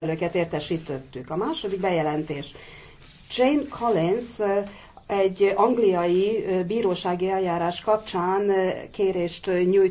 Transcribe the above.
Önöket értesítettük. A második bejelentés. Jane Collins egy angliai bírósági eljárás kapcsán kérést nyújt